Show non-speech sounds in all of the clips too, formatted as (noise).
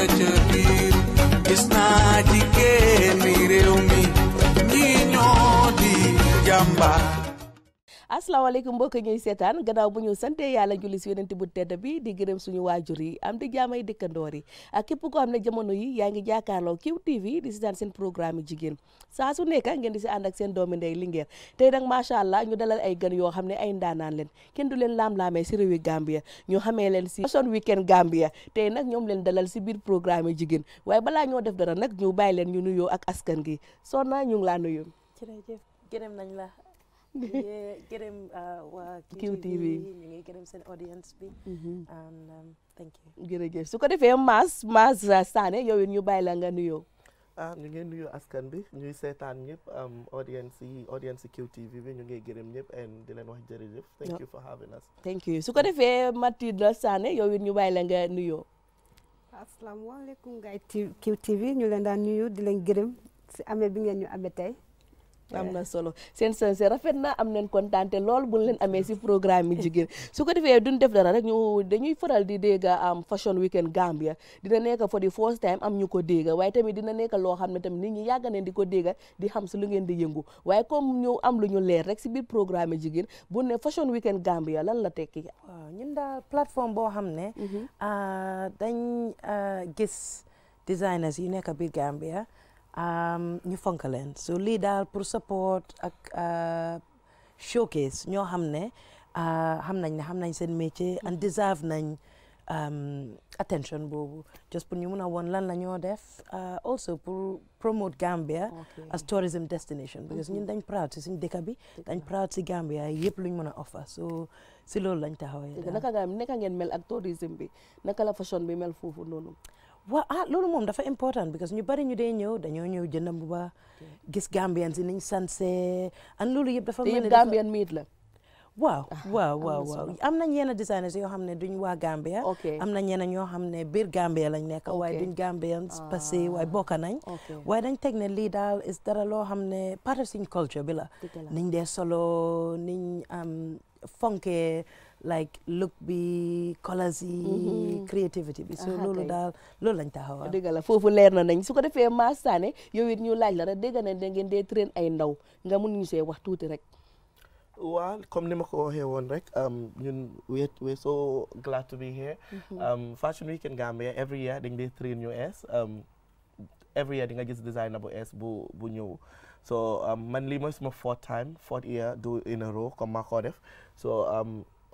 Richard. asalaamaaleykum mbokk ñuy seetaan gannaaw bu ñu sante yàlla julli si yonent bu tedd bi di gërëm suñu waajur yi am di jaamay dëkkandoor yi ak képp koo xam ne jamono yi yaa ngi jàkkaarloo QTV di si daan seen programme jigéen sa su nekk ngeen di si ànd ak seen doomi ndey Linguère te nag macha allah ñu dalal ay gan yoo xam ne ay ndaanaan leen kenn du leen laam-laamee si réewi Gambia ñu xamee leen si son weekend Gambia tey nag ñoom leen dalal si biir programme jigéen waaye balaa ñoo def dara nag ñu bàyyi leen ñu nuyoo ak askan gi sonna ñu ngi laa nuyu jërëjëf nañ la ñu (laughs) ah, ngi gërëm waa QTV ñu ngi seen audience bi. Mm-hmm. and um, su ko defee Mass Mass Sané yow it ñu bàyyi la nga nuyoo. ah ñu ngi askan bi ñuy seetaan ñëpp um, audience yi audience QTV bi ñu ngi gërëm ñëpp and di leen wax jërëjëf. thank you for having us. thank you su ko defee Matilda Sané yow it ñu bàyyi la nga nuyoo. asalaamaaleykum gaay QTV ñu leen daan nuyu di leen gërëm si amee bi ngeen ñu amee tey. am eh. na solo seen sensé rafet na am nañ kontaante lool buñ leen amee si programme yi jigéen su ko defee duñ def dara rek ñu dañuy faral di dégg am fashion weekend Gambia dina nekk for the first time am ñu ko dégg waaye tamit dina nekk loo xam ne tamit nit ñu yàgg nañ di ko dégg di xam si lu ngeen di yëngu waaye comme ñu am lu ñu leer rek si biir programme yi jigéen bu ne fashion weekend Gambia lan la tekki. waaw ñun daal plateforme boo xam ne. Mhm. Ah, dañ ah, gis designers yu nekk biir Gambia. ñu fonk leen so liidaal daal pour support ak euh, showcase ñoo xam ne euh, xam nañ ne xam nañ seen métier and deserve nañ attention boobu just pour ñu mun a woon lan la ñoo def euh, also pour promote Gambia as tourism destination because ñun mhm. dañ proud si suñ dëkk bi dañ proud si Gambia yëpp luñ mën a offer si loolu lañ taxawee naka nga naka ngeen mel ak tourism bi naka la fashion bi mel foofu noonu waaw ah moom dafa important because ñu bari ñu dee ñëw dañoo ñëw jënd mbuba gis Gambien si niñ sanse an loolu yëpp dafa mel ni Gambien miit la waaw waaw ah, waaw waaw am na yenn designers yoo xam ne duñ waa Gambia am na ñenn ñoo xam ne biir Gambia lañ nekk waaye duñ Gambian ah. passé waaye bokk nañ waaye dañ teg ne lii daal is dara loo xam ne part of suñ culture bi la niñ de solo niñ am like look bi colors yi mhm. creativity bi so loolu daal loolu lañ taxawal dëgg foofu leer na nañ su ko defee Mass Sané yow it ñu laaj la rek dégg nañ da ngeen dee train ay ndaw nga mu ñu see wax tuuti rek waaw comme ni ma ko waxee woon rek um, ñun we so glad to be here mhm. um, fashion week in Gambia um, every year di nga gis designer bu es bu bu ñëw so man li mooy suma fourth time fourth year do in a row comme maa koo def so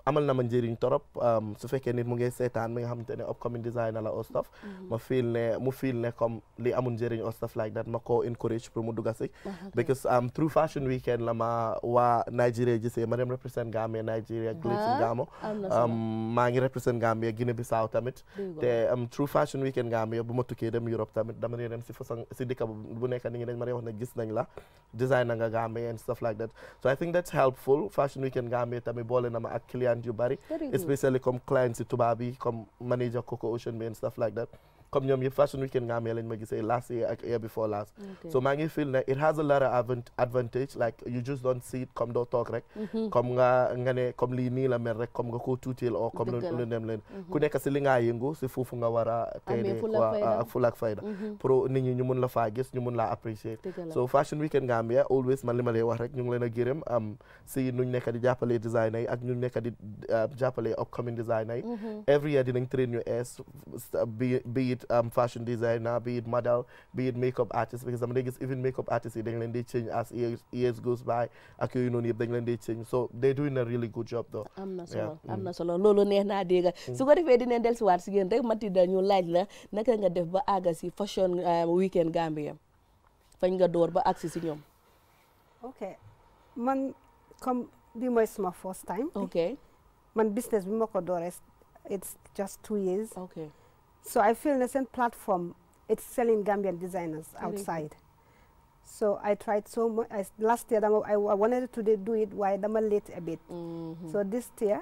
amal na ma njëriñ torop su fekkee nit mu ngi seetaan mi nga xamante ne upcoming designer la au staff mhm. ma fiil ne mu fiil ne comme li amul njëriñ au staff like that ma ko encourage pour mu dugg si ah, because through fashion weekend la ma waa Nigeria gisee ma dem represent Gambia Nigeria ah, Glitz tamit through fashion weekend Gambia bu ma dem Europe tamit dama si façon si dëkk bu nekk nit ñi dañ ma dee nañ la designer nga Gambia and stuff like na ma ak client yu bari especially comme clients yi tubaab yi comme manager Coco Ocean bi and stuff like that comme ñoom yëpp fashion weekend nga amee lañ ma gisee last year before last so maa ngi feel ne it has a lot advantage like you just don't see it comme doo toog rek mhm. comme nga nga ne comme lii nii la mel rek comme nga koo tuutil o comme lu dem leen mhm. ku nekk si li ngaa yëngu si foofu nga war a ful ak fayda ah, mhm. pour nit ñi ñu mun la faa ñu mun laa apprécier so fashion weekend nga amee always man li wax rek ñu leen a gërëm si ñu nekk di jàppale ah, upcoming it um, fashion designer be it model be it makeup artist because am na gis even makeup artist yi dañ leen di change as years goes by ak yooyu noonu yëpp dañ leen di change so they doing a really good job though. am na solo am mm. na solo loolu neex naa dégg mm. su ko defee dinañ si yéen rek Matilda ñu laaj la naka nga def ba àgga si fashion um, weekend Gambia fañ nga door ba àggsi si ñoom. ok man business bi ma ko dooree it's just two years. So I feel Nascent platform, it's selling Gambian designers outside. Mm -hmm. So I tried so much. I, last year, I, I wanted to do it while I'm late a bit. Mm -hmm. So this year,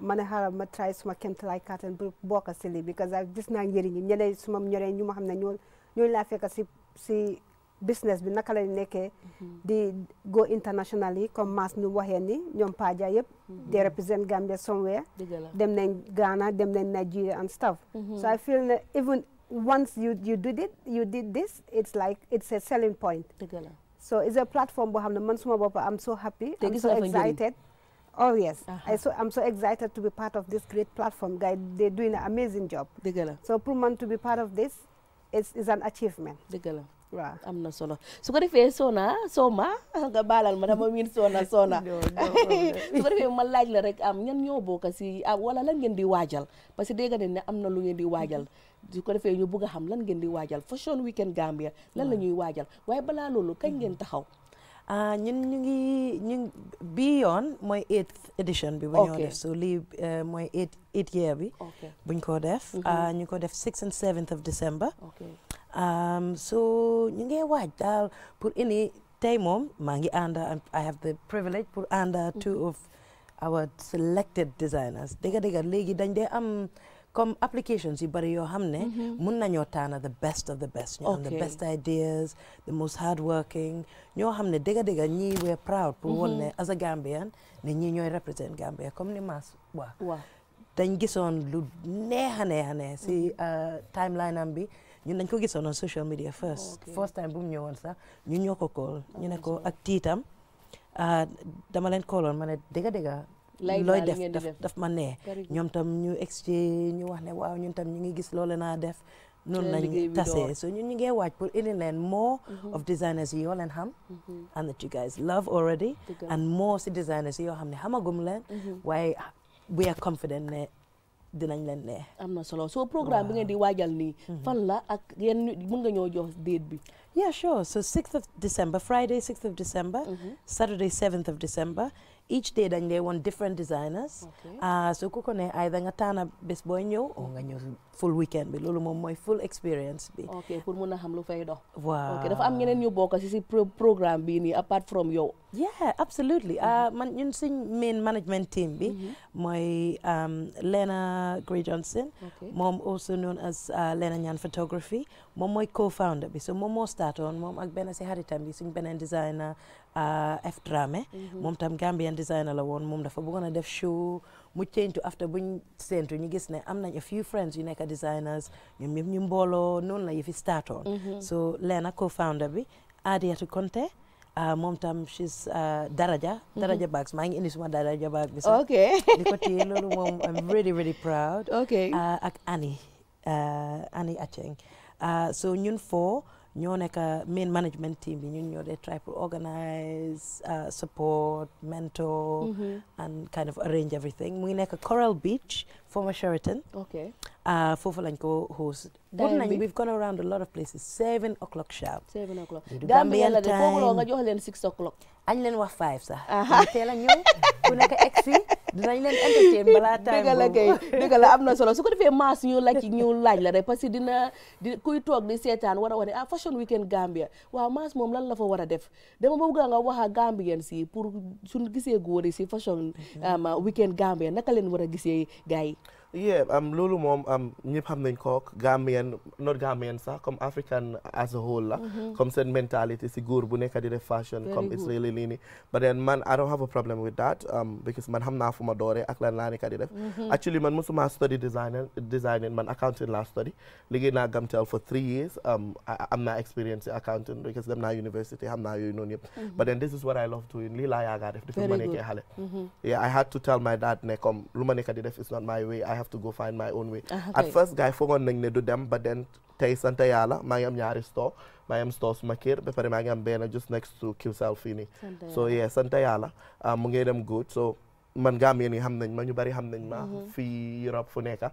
man xaaral ma try suma kéemtalaay kàttan bu bokk si lii because gis naa njëriñ ñeneen suma ñoree ñu ma xam ne ñoo ñoo laa fekk si si business bi naka lañ nekkee mhm. di go international yi comme maas ñu waxee ni ñoom Paja yëpp mhm. they represent Gambia somewhere dem nañ Ghana dem nañ Nigeria and stuff mhm. so I feel ne even once you you did it you did this it's a selling point so it's a platform boo xam ne man suma bopp I'm so happy I'm so excited oh yes I so I'm so excited to be part of this great platform guys they're doing an amazing job so pour man to be part of this it's an achievement waaw am na solo su ko defee Sona Soma nga baalal ma dama miin Sona Sona (laughs) (laughs) su ko defee ma laaj la rek am ñan ñoo bokk si ah, wala lan ngeen di waajal parce que dégg nañ ne am na lu ngeen di waajal mm-hmm. su ko defee ñu bëgg a xam lan ngeen di waajal fashion weekend Gambia lan la mm-hmm. ñuy waajal waaye balaa loolu kañ ngeen mm-hmm. taxaw a ah, ñun ñu ngi ñu bii yoon mooy eighth edition bi bu so lii eh, mooy eight eight bi buñ ko def ah, ñu ko def sixth and seventh of December Um, so ñu ngi waaj daal pour ini tey moom maa ngi ànd I have the privilege pour ànd two mm-hmm. of our selected designers dégga dégga léegi dañ dee am comme applications si bari yoo xam ne mm-hmm. mun nañoo taana the best of the best ñu am the ideas the most hard working ñoo xam ne dégga dégga ñii we proud pour woon mm-hmm. ne as a Gambian ne ñii ñooy represent Gambia comme ni maas waa dañ gisoon lu neex a neex a neex si uh, timeline am bi ñun nañ ko gisoon on social media first first time bu mu ñëwoon sax ñu ñoo ko call ñu ne ko ak tii tiitam ah, dama leen kooloon ma ne dëgg dëgg looy def daf ma nee ñoom tam ñu exchange ñu wax ne waaw ñun tam ñu ngi gis loolu naa def noonu lañ tasee so ñun ñu ngee waaj pour indi leen more mhm. of designers yi yoo leen xam mhm. and that you guys love already and more si designers si yoo xam ne xamagum leen mhm. waaye we a confident ne dinañ leen neex. am na solo soo programme bi ngeen di waajal nii. Mhm. fan la ak yéen mën nga ñoo jox date bi. yeah sure so 6th of December Friday 6th of December. Mhm. Saturday 7th of December. each day dañ lay woon different designers. Ah, so ku ko ne ay da nga tànn bés booy ñëw oo nga ñëw. full weekend bi loolu moom mooy full experience bi. ok pour mun a xam lu fay dox. waaw ok dafa am ñeneen yu bokk si si programme bi nii apart from yow. yeah absolutely mhm. ah, man ñun suñ main management team bi. Mhm. mooy um, Lena Gray Johnson. moom also known as uh, Lena Nyan Photography moom mooy co bi so moom moo startoon moom ak benn si xaritam bi suñ beneen designer uh, F Dramé. Mhm. moom tam Gambian designer la woon moom dafa bëggoon a def show. mu change to after buñ séntu ñu gis ne am nañ a few friends yu nekk designers ñoom ñëpp ñu mbooloo noonu la yëfi startoon mm-hmm. so Lena co-founder bi Adiatu Konte ah, moom tam she's ah, Daraja. Mm-hmm. Daraja bags maa ngi indi suma Daraja bag bi so ok (laughs) di ko téye loolu i I'm really really proud. ok ah, ak Annie Acheng so ñun foo. ñoo nekk main management team bi ñun ñoo dee try to organize uh, support mentor mm-hmm. and kind of arrange everything mu ngi nekk Coral Beach former Sheraton. Okay. Uh, foofu lañ ko host. Good night. We've gone around a lot of places. Seven o'clock sharp. Seven o'clock. Gambian time. Foofu la nga jox leen six o'clock. añ leen wax five sax. teel a ñëw ku nekk egsi dinañ leen entertain (laughs) balaa time dëgg (laughs) am na solo su ko defee maas ñu laaj ñu laaj la rek parce que dina di kuy toog di seetaan war a wane ah fashion weekend Gambia waaw maas moom lan la fa war a def dama bëgg nga wax a Gambien si pour suñu gisee góor yi si fashion um, weekend Gambia naka leen war a gisee gars yi yeah am moom am ñëpp xam nañ ko Gambien not Gambien sax comme African as a whole la mhm. comme seen mentalité si bu nekk di def fashion comme it's really nii I don't have a problem with that um, because man xam naa fu ma dooree ak lan def mhm. actually man musuma study designing man accounting laa study liggéey naa Gamtel for three years um, am naa experience accounting because dem naa university xam naa yooyu noonu mhm. but then this is what I love to tell my dad have to go find my own way ah, at first gars yi foogoon nañ ne du dem ba den tey sant yàlla maa ngi am ñaari store maa ngi am store suma kër just next to QCell fii nii so ah, mu ngi dem good man Gambien yi xam nañ ma ñu bari xam nañ ma mm-hmm. fii Europe fu nekka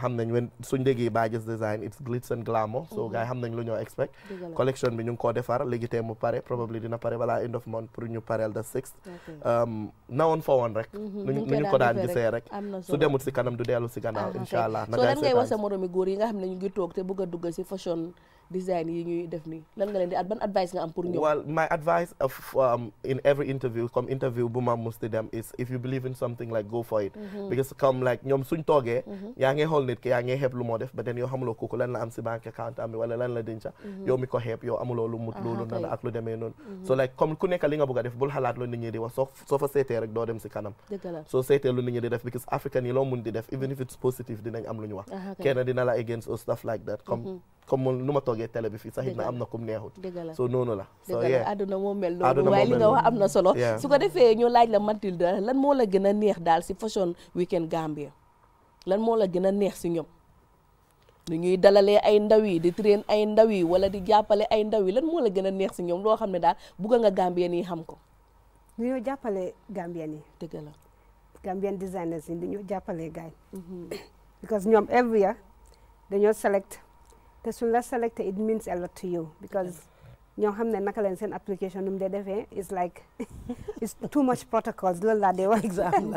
xam nañ wen suñ déggee a design it's glitz and glamour so mm-hmm. gars yi xam nañ lu ñoo expect collection bi ñu ngi koo defar léegi tey mu pare probably dina pare balaa end of month pour ñu pareel the sixth um, na woon fa woon rek mm-hmm. nu ñu ko daan gisee rek su demut si kanam du dellu si gannaaw ah, incha allah so lan ngay wax sa moromi góor yi nga xam ne ñu ngi toog te bëgg a dugg si fashion design yi ñuy def nii lan nga leen di ban advice nga am pour ñoom. well my advice um, in every interview comme interview bu ma musti dem is if you believe in something like go for it. Mm-hmm. because comme like ñoom suñ toogee. Mm-hmm. yaa ngi xool nit ki yaa ngi xeeb lu moo def ba den yoo xamuloo kooku lan la am si banque account am wala lan la denca. Mm-hmm. yow mi ko xeeb yow amuloo lu mut ah, loolu nan ak lu demee noonu. so like comme ku nekk li nga bëgg def bul xalaat comme nu ma toogee télé bi fii sax it na am na kum neexut so noonu la so yeah adduna moo mel noonu waaye li am na solo su ko defee ñu laaj la Matilda lan moo la gën a neex daal si fashion weekend Gambia lan moo la gën a neex si ñoom nu ñuy dalale ay ndaw yi di train ay ndaw yi wala di jàppale ay ndaw yi lan moo la gën a neex si ñoom loo xam ne daal bugg nga Gambien yi xam ko ñu ñoo jàppale Gambien yi dëgg la Gambian designers yi di ñoo jàppale gaay mm-hmm. because ñoom every year dañoo select te suñ la selected it means a lot to you because ñoo xam ne naka leen seen application nu mu dee defee is like (laughs) it's too much protocols loolu laa dee wax exactly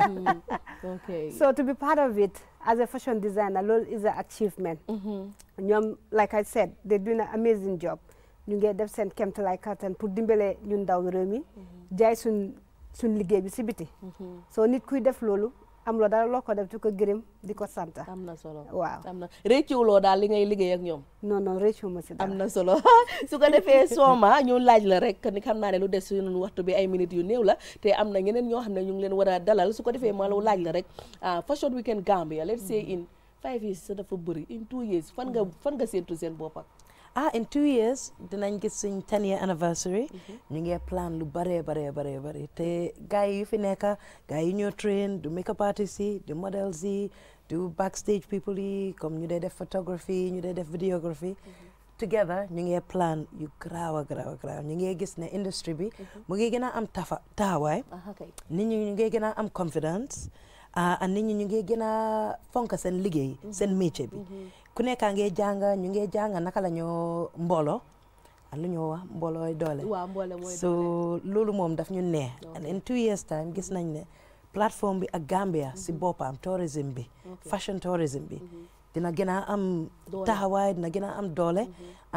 (laughs) okay so to be part of it as a fashion designer loolu is an achievement mm-hmm. ñoom like I said they doing an amazing job ñu ngi def seen kéemtalaay kattan pour dimbale ñun ndaw réew mi mm-hmm. jaay suñ suñ liggéey bi si biti mm-hmm. so nit kuy def loolu amuloo dara loo ko def di ko gërëm di ko sant. am na solo waaw am na rëccuwuloo daal li ngay liggéey ak ñoom. non non rëccu ma si dara am na solo (laughs) su ko defee sooma ñu laaj la rek ni xam naa ne lu des suñu waxtu bi ay minutes yu néew la te am na ñeneen ñoo xam ne ñu ngi leen war a dalal su ko defee ma la laaj la rek ah, fashion weekend Gambia let's say in five years sa dafa bëri in two years fan nga fan nga seen bopp ak ah in two years dinañ gis suñ ten year anniversary mm-hmm. ñu ngi plan lu bare bare bare te gars yu fi nekk gars yi ñoo train du make up artist yi du models yi du backstage people yi comme ñu dee def photography ñu dee def videography mm-hmm. together ñu ngi plan yu garaaw a garaaw ñu ngi gis ne industry bi mm-hmm. mu ngi gën a am tafa taxawaay ah, nit ñu ngi gën a am confidence Ah, ah, nit ñi ñu ngi gën a fonk seen liggéey mhm. seen métier bi mhm. ku nekkaa ngee jàng ñu ngee jàng naka la ñoo mbooloo ah, lu ñoo wax mboolooy doole so loolu moom daf ñu neex and in two years time gis nañ ne plateforme bi ak Gambia si mhm. boppam tourism bi fashion tourism bi dina gën a am taxawaay dina gën a am doole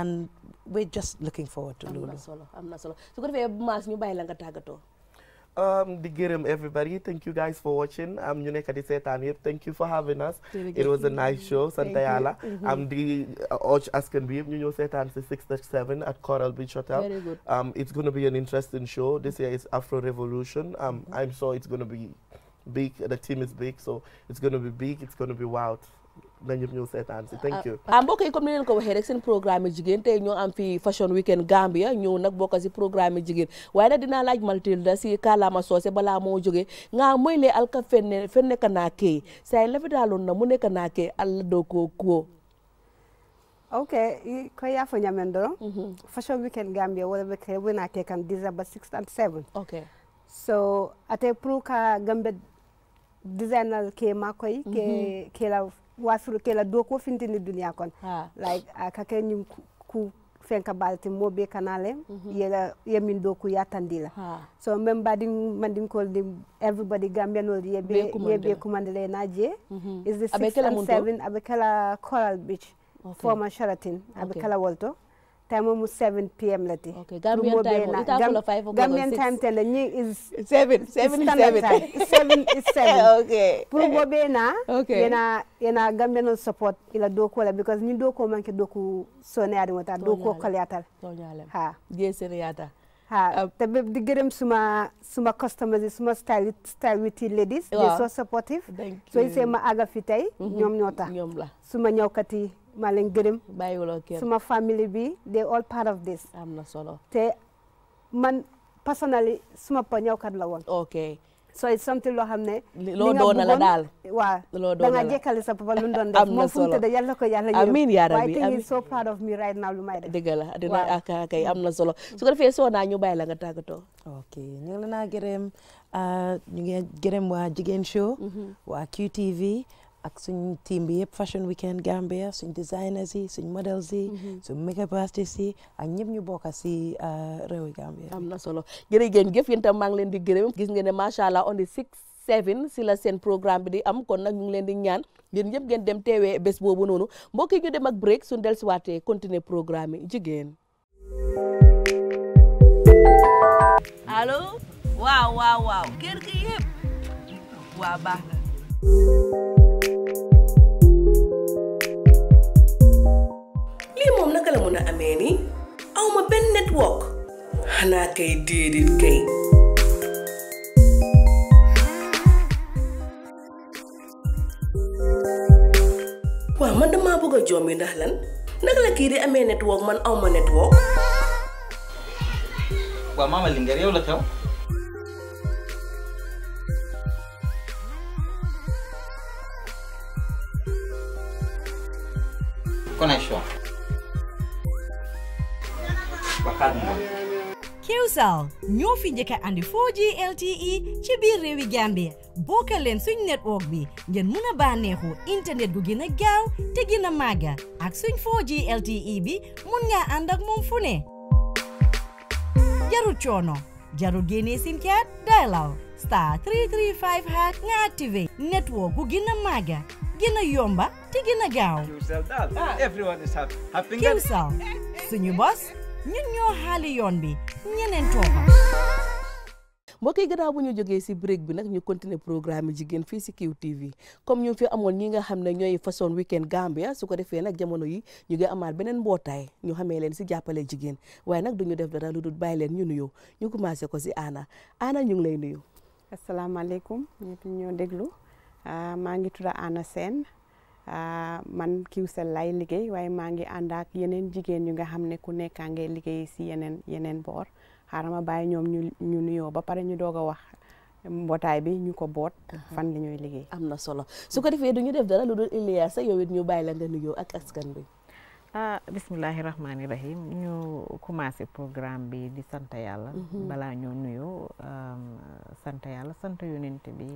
and we're just looking forward to loolu am na solo su ko defee maas ñu bàyyi la nga tàggatoo Um, di gërëm everybody thank you guys for watching am um, ñu nekk di seetaan yëpp thank you for having us it was a nice show sant yàlla am mm-hmm. um, di och uh, askan bi yëpp ñu ñëw seetaan si six to seven at Coral Beach Hotel um, it's going to be an interesting show this year is Afro Revolution um, mm -hmm. I'm sure going to be big the is so it's going to be big going to be wild na ñëpp ñëw seetaan si thank you. ah, ah yi comme ni leen ko waxee rek seen jigéen tey ñoo am fi fashion weekend Gambia ñëw nag bokk si jigéen waaye nag dinaa laaj Matilda si kàllaama soose balaa moo jógee nga mooy lee alka fenne fenne kana kee say lafi daaloon na mu nekk naa kee alla doo ko kuwo ok ko yaafo ñamen doron mhm. fashion weekend Gambia wala be kere wona te kan December 6 and 7 ok so ate pour ka Gambia designer ke makoy wasuru kela do ko fintini duniya kon like uh, kake nyim ku, ku fenka balti mo be kanale mm -hmm. yela yemin do ku yatandila ha. so mem badin mandin ko dim everybody gambian wol ye be ye be kumandele naje mm -hmm. is the 6 and 7 abekala coral beach okay. former sheraton abekala okay. walto time almost 7 p.m. Lati. Okay, Gambian time. It (laughs) na okay. yana yana Gambian support ila doko la because ni doko manke doko sone adi wata doko kaliatal. Ha. Gesere yata. Ah. Te di gërëm suma suma customers suma style style with ladies. They so supportive. Thank you. So ma aga fi tay mhm. ñom ñota. ñom la. Suma ñawkati maa leen gërëm. bàyyiwuloo kenn suma famille bi they all part of this. am na solo te man personally suma pa ñawkat la woon. ok so it's something loo xam ne. loo doon la daal waaw da nga jekkale sa papa lu doon (laughs) def. sa na solo moom fu mu tëdd yàlla ko yàlla yërëm. amiin yaa rabbi so part of me right now lu may def. dëgg la dina ak am na solo su ko defee soo naa ñu bàyyi la nga ok ñu ngi la naa gërëm ah, ñu ngi gërëm waa Jigéen mm-hmm. ak suñ team bi yëpp fashion weekend Gambia suñ designers si suñ models yi. Mhm. suñ makeup artistes yi ñu bokk si uh, réewi Gambia. am na solo jërëjëf yéen tam maa ngi leen di gërëm gis ngeen ne macha allah on the six seven si la seen programme bi di am kon nag ñu ngi leen di ñaan yéen ñëpp ngeen dem teewee bés boobu noonu mbokk yi ñu dem ak suñ dellusiwaatee continuer programme yi jigéen. allo naka la mën a amee nii la kii di amee network man aw ma network. waaw maama Linguère yow la xew. Qcell ñoo fi njëkk andi 4G LTE ci biir réewi Gambia bokkal leen bi ngeen mun a bànneexu internet gu gën a gaaw a màgga e fu ne. jarul coono jarul génnee sim card dialaw star 335 hash nga network gu gën màgga gën yomba te gën gaaw. Qcell ah. suñu bos. ñun ñoo xaali yoon bi ñeneen toofa mbokk yi gannaaw bu ñu jógee si break bi nag ñu continuer programme jigéen fii si QTV comme ñu fi amoon ñi nga xam ne ñooy façon weekend Gambia su ko defee nag jamono yi ñu ngi amaat beneen mbootaay ñu xamee leen si jàppale jigéen waaye nag duñu def dara lu dul bàyyi leen ñu nuyoo ñu commencé ko si ana Anna ñu ngi lay nuyu. asalaamaaleykum ñëpp ñoo déglu ah, maa ngi tudd Anna Sène Ah, man Qcell lay liggéey waaye maa ngi ànd ak yeneen jigéen ñi nga xam ne ku nekkaa ngay liggéey si yeneen yeneen boor xaaral ma bàyyi ñoom ñu ñu nuyoo ba pare ñu doog a wax mbootaay bi ñu ko boot. fan li ñuy liggéey. am na solo su ko defee du ñu def dara lu dul Iliyaasa yow it ñu bàyyi la nga nuyoo ak askan bi. ah bismillahi rahmaani rahim ñu commencé programme bi di sant yàlla. Mhm. balaa ñoo nuyoo sant yàlla sant yonent bi.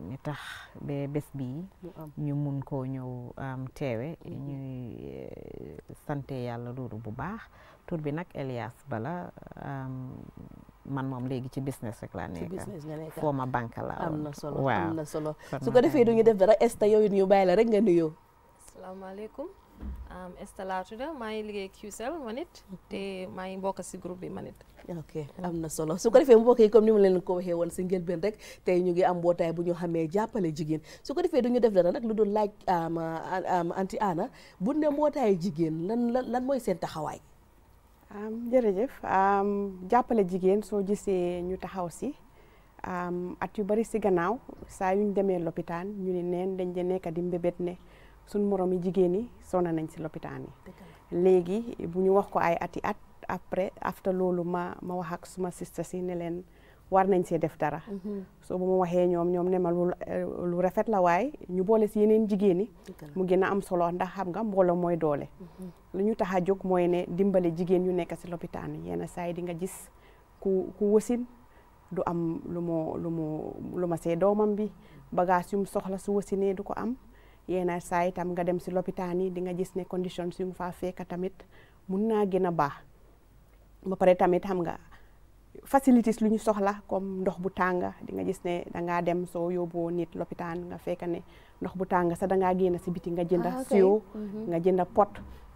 mi tax ba bés bii ñu mun koo ñëw teewe mhm. ñuy eh, sante yàlla loolu bu baax tur bi nag Elias Bala man moom léegi ci business rek laa nekk foo ma banque la am na solo am na solo su ko defee du ñu def dara esta yow it ñu bàyyi la rek nga nuyoo asalaamaaleykum Esther laa tudd maa ngi liggéey QCell man it te maa ngi bokk si groupe bi man ok am na solo su ko defee mbokk yi comme ni ma leen ko waxee woon si njëlbeen rek te ñu ngi am mbootaay bu ñu xamee jàppale jigéen su ko defee du def la nag lu doon laaj anti ana bu ne mbootaayu jigéen lan lan lan mooy seen taxawaay. jërëjëf jàppale jigéen soo gisee ñu taxaw si at yu bari si gannaaw saa yu ñu demee lopitaan ñu ne neen dañ de nekk di mbébét ne. suñ morom yi jigéen yi sona nañ si lopitaan yi léegi bu ñu wax ko ay ati at après after loolu ma ma wax ak suma sista si ne leen war nañ see def dara mhm. so bu mu waxee ñoom ñoom ne ma lu rafet la waaye ñu boole si yeneen jigéen ñi mu gën a am solo ndax xam nga mbooloo mooy doole mhm. lu ñu tax a jóg mooy ne dimbale jigéen ñu nekk si lopitaan yi yenn saa yi di nga gis ku ku wasin du am lu mu lu mu lu ma see doomam bi bagage yu mu soxla su wasinee du ko am yenn saa yi tam nga dem si lopitaan yi di gis ne conditions yu nga faa fekk tamit mun naa gën a baax ba pare tamit xam nga facilities lu ñu soxla comme ndox bu tàng di nga gis ne dangaa dem soo yóbboo nit lopitaan nga fekk ne ndox bu tàng sax dangaa génn si biti nga jënda ah, siwo mhm. nga jënda pot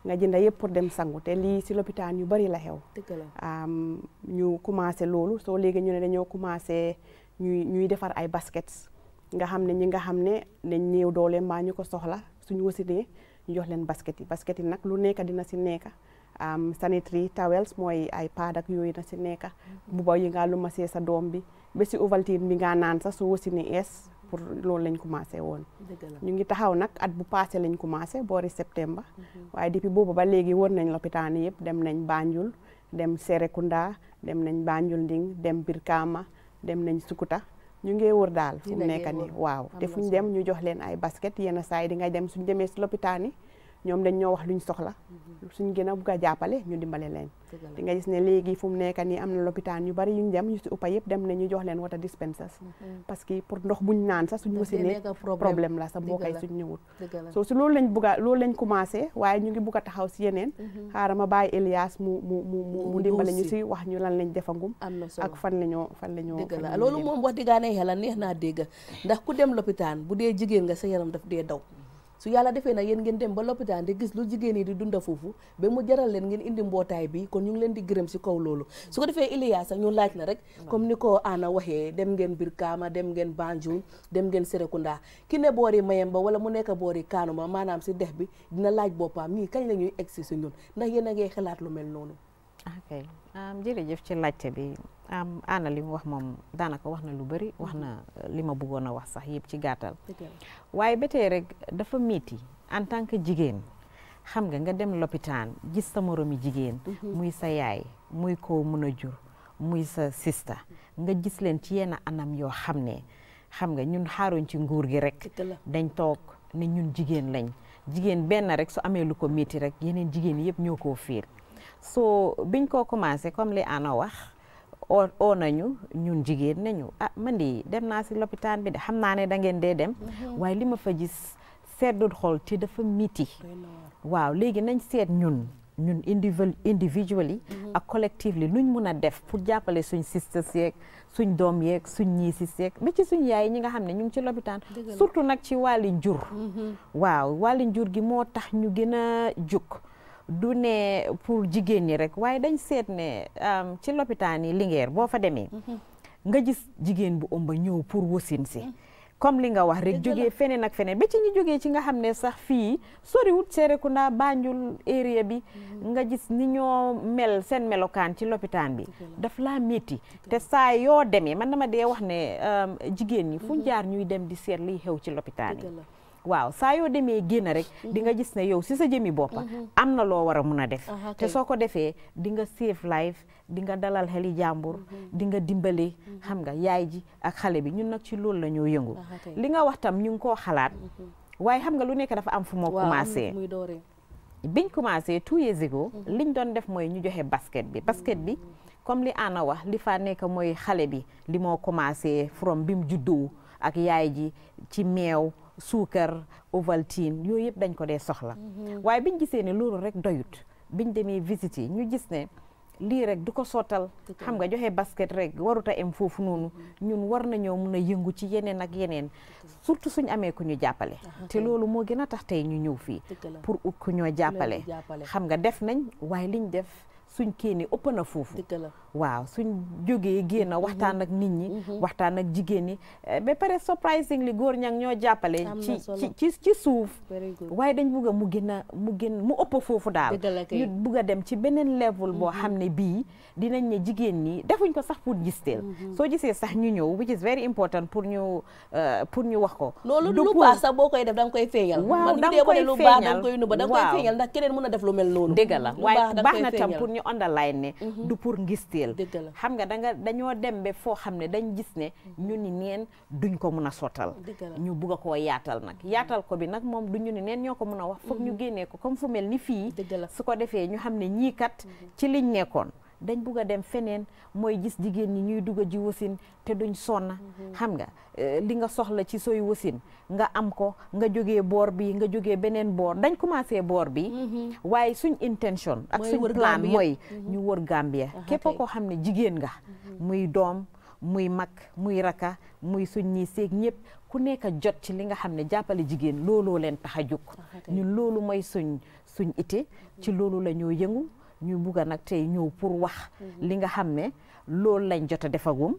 nga jënda yëpp pour dem sangu te lii si loppitaan yu bari la xew ñu commencé loolu soo léegi ñu ne dañoo commencé ñuy ñuy defar ay baskets nga xam ne ñi nga xam ne ne ñëw doole mbaa ñu ko soxla suñu wasinee ñu jox leen basket yi basket yi nag lu nekk dina si nekk sanitary towels mooy ay pad yooyu na si nekk buba yi nga lu masee sa doom bi ba si Ovaltine bi nga naan sax su wasinee ees pour loolu lañ commencé woon ñu ngi taxaw nag at bu passé lañ commencé boori septembre mhm. waaye depuis boobu ba léegi wër nañ lopitaan yëpp dem nañ Banjul dem Serekunda dem nañ Banjul Nding dem Birkama dem nañ Sukuta ñu ngi wër daal fu mu nekk nii waaw te fu ñu dem ñu jox leen ay basket yenn saa yi di nga dem suñ demee si lopitaan yi ñoom dañ ñoo wax luñ soxla mhm. suñ gën a bugg a jàppale ñu dimbale leen di nga gis ne léegi fu mu nekk nii am na lopitaan yu bari yuñ dem ñu si uppa yëpp dem ne ñu jox leen water dispensers mhm. parce que pour ndox buñ naan sax suñ masinee problème la sa mbokkay suñ ñëwut so si loolu lañ bugg a loolu lañ waaye ñu ngi bugg a taxaw si yeneen mhm. xaaral ma bàyyi Elias mu mu mu mu dimbale ñu si wax ñu lan lañ defangum ak fan la ñoo fan la ñoo dëgg la loolu moom wax diggaa ne xela neex naa dégg ndax ku dem lopitaan bu dee jigéen sa yaram daf dee daw su yàlla defee na yéen ngeen dem ba lopitaan di gis lu jigéen yi di dunda foofu ba mu jaral leen ngeen indi mbootaay bi kon ñu ngi leen di gërëm si kaw loolu su ko defee Iliya sax ñu laaj na rek comme ni ko Anna waxee dem ngeen Brikama dem ngeen Banjul dem ngeen Serekunda ki ne boori Mayemba wala mu nekk boori Kanuma maanaam si dex bi dina laaj boppam ñii kañ la ñuy egsi si ñun ndax yéen a ngay xalaat lu mel noonu ok um, jëf ci laajte bi am ana li wax moom daanaka wax na lu bëri wax na euh, li ma bëggoon a wax sax yëpp ci gàttal waaye ba tey rek dafa miiti en tant que jigéen xam nga nga dem lopitaan gis sa moromi jigéen mhm. muy sa yaay muy ko mun a jur muy sa sista nga jis leen ci yenn anam yoo xam ne xam nga ñun xaaruñ ci nguur gi rek dañ toog ne ñun jigéen lañ jigéen benn rek su amee lu ko miiti rek yeneen jigéen yëpp ñoo koo fiir soo biñ ko commencé comme li ana wax oo nañu ñun jigéen nañu a ah, man di dem naa si lopitaan bi de xam naa ne da ngeen dee dem mhm. waaye li ma fa gis seddul xol te dafa miti waaw léegi nañ seet ñun ñun individual individually mhm. ak collectively luñ mun a def pour jàppale suñ sisters yeeg suñ doom yeeg suñ ñiisi yeeg ba ci suñ yaay ñi nga xam ne ñu ngi ci lopitaan surtout nag ci wàlli njur mhm. waaw wàlli njur gi moo tax ñu gën a jug du ne pour jigéen ñi rek waaye dañ seet ne ci lopitaan yi Linguère boo fa demee mhm. nga gis jigéen bu ëmba ñëw pour wasin si mhm. comme li nga wax rek jógee feneen ak feneen ba ci ñu jóge ci nga xam ne sax fii soriwut Serekunda Banjul area bi mhm. nga gis ni ñoo mel seen melokaan ci lopitaan bi daf laa métti te saa yoo demee man ma dee wax ne jigéen ñi fu jaar ñuy dem di seet liy xew ci lopitaan yi waaw saa yoo demee génn rek mhm. di nga gis ne yow si sa jëmi bopp mhm. am na loo war a mun a def te soo ko defee di nga save life di nga dalal xeli jàmbur mhm. di nga dimbale xam nga yaay ji ak xale bi ñun nag ci loolu la ñoo yëngu li nga wax tam ñu ngi koo xalaat waaye xam nga lu nekk dafa am fu moo commencé biñ commencé two years ago liñ doon def mooy ñu joxe basket bi basket bi comme li Anna wax li fa nekk mooy xale bi li moo commencé from bi mu juddoo ak yaay ji ci meew suukar Ovaltine yooyu yëpp dañ ko dee soxla mhm. waaye biñ gisee ne loolu rek doyut biñ demee visite yi ñu gis ne lii rek du ko sottal xam nga joxe basket rek warut a em foofu noonu mhm. ñun war nañoo mun a yëngu ci yeneen ak yeneen surtout suñ amee ku ñu jàppale ah, te loolu moo gën a tax tey ñu ñëw fii pour ut ku ñoo jàppale xam nga def nañ waaye liñ def suñ kéene ëpp na foofu waaw suñ jógee génna mm-hmm. waxtaan ak nit ñi mm-hmm. waxtaan ak jigéen ñi eh, ba pare surprisingly góor ñang ñoo jàppale ci ci ci suuf waaye dañ bugg mu gën mu gën mu ëpp foofu daal ñu bugg a dem ci beneen level boo mm-hmm. xam ne bii dinañ ñe jigéen ñi defuñ ko sax pour gisteel soo gisee sax ñu ñëw which is very important pour ñu eh, pour ñu wax ko loolu lu baax sax boo koy def da nga koy feeñal waaw koy feeñal lu baax da nga koy nuba da koy feeñal ndax keneen mën a def lu mel noonu underline ne mhm. du pour ngisteel xam nga da dañoo dem be foo xam ne dañ gis ne mhm. ñu ni neen duñ ko mun a sottal ñu bugg a koo yaatal nag mhm. yaatal ko bi nag moom du ñu ni neen ñoo ko mun a wax foog ñu génnee ko comme fu mel ni fii su ko defee ñu xam ne ñii kat ci liñ nekkoon dañ bugg a dem feneen mooy gis jigéen ñi ñuy dugg ji wasin te duñ sonna mhm. xam nga eh, li nga soxla ci sooy wasin nga am ko nga jóge boor bi nga jóge beneen boor dañ commencé boor bi mhm. waaye suñ intention ak suñ plan mooy mhm. ñu wër Gambia képp koo xam ne jigéen nga muy doom muy mag muy raka muy suñ ñii seeg ñëpp ku nekk jot ci li nga xam ne jàppale jigéen looloo leen tax a jóg ñun loolu mooy suñ suñ ite ci loolu la ñoo yëngu ñu bugg a nag tey ñëw pour wax mhm. li nga xam ne loolu lañ jot a defagum